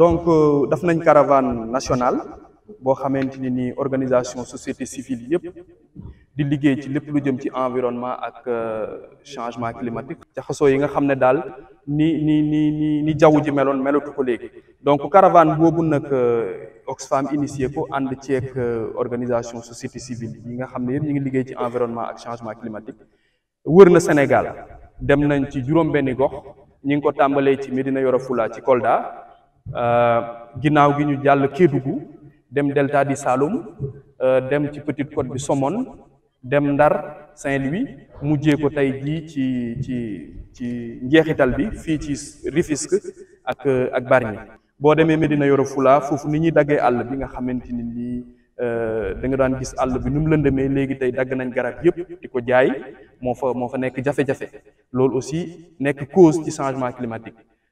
donc euh, daf nañ caravane nationale boo xamante ni organisation société civile yëpp di liggéey ci lépp lu jëm ci environnement ak euh, changement climatique jaxasoo yi nga xam ne ni ni ni ni ni jaww ji meloon melatu ko léegi donc caravane boobu nag euh, Oxfam initié ko ànd ceeg organisation société civile yi nga xam ne yëpp ñu ngi liggéey ci environnement ak changement climatique wër na Sénégal dem nañ ci juróom-benni gox ñi ngi ko tàmbalee ci Médina Yoro Foulah ci Kolda Euh, ginnaaw gi ñu jàll Kédougou dem delta di Saloum euh, dem ci Petite Côte bi dem Ndar Saint-Louis mujjee ko tey chi ci ci ci njeexital bi fii ci Rufisque ak ak Bargny boo demee Médina Yoro Fula foofu ni ñuy daggee àll bi nga xamante ni nii euh, da nga daan gis àll bi nu mu lëndëmee léegi tey nañ garab yëpp di jaay moo fa fa jafe-jafe loolu aussi nekk cause ci changement climatique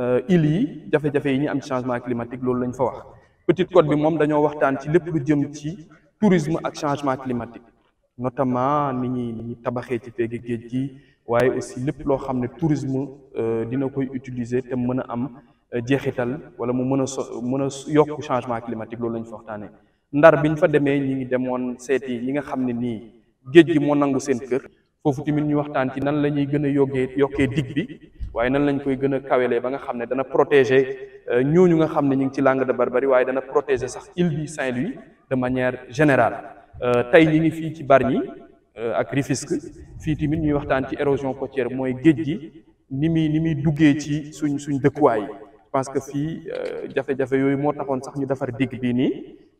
Euh, Il y a jafe yi am changement climatique lolu lañ fa wax Petite Côte bi mom dañoo waxtaan ci lepp lu jëm ci tourisme ak changement climatique notamment ni ñuy ni tabaxé ci pegg géej gi aussi lepp lo xamné tourisme euh, dina koy utiliser té mëna am euh, jeexital wala mu mëna a so changement climatique lolu lañ fa waxtané ndar biñ fa démé ñi ngi démon séti yi nga xamné ni nii géej gi moo nangu seen kër fofu timin ñu waxtaan ci nan lañuy gëna gën yoké dig bi waaye nan lañ koy gën a kawelee ba nga xam ne dana protéger euh, ñu nga xam ne ñu ngi ci langue de Barbarie waaye dana protéger sax île bi Saint-Louis de manière générale euh, tey ñi ngi fii ci Bargny euh, ak Rufisque fii tamit ñuy waxtaan ci érosion côtière mooy géej gi ni muy ni muy duggee ci suñ suñ dëkkuwaay je que fii jafe-jafe yooyu moo taxoon sax ñu defar digg bii nii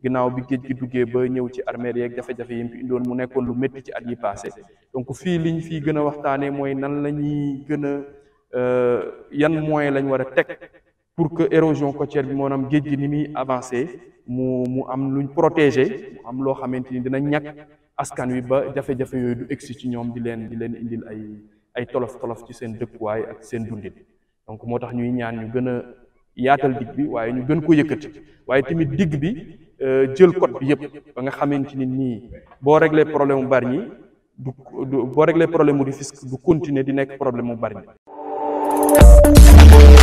ginnaaw bi géej gi duggee ba ñëw ci armée yeeg jafe yi mu mu nekkoon lu métti ci at yi passé donc fii liñ la ñuy gën Euh, yan moyen lañ wara tek pour que érosion côtière bi monam géej gi ni muy avancé mu mu am luñ protéger mu am lo xamanteni ni dina ñàkk askan wi ba jafé jafé yoy du egsi ci ñom di len di len indil ay ay tolof tolof ci seen dëkkuwaay ak sen dundit donc motax ñuy ñaan ñu gëna yaatal dig bi waye ñu gën ko yëkëti waye timit dig bi euh jël code bi yëpp ba nga xamanteni ni bo régler problème mu Bargny du bo régler problème du fisc du continuer di nek problème mu Bargny Música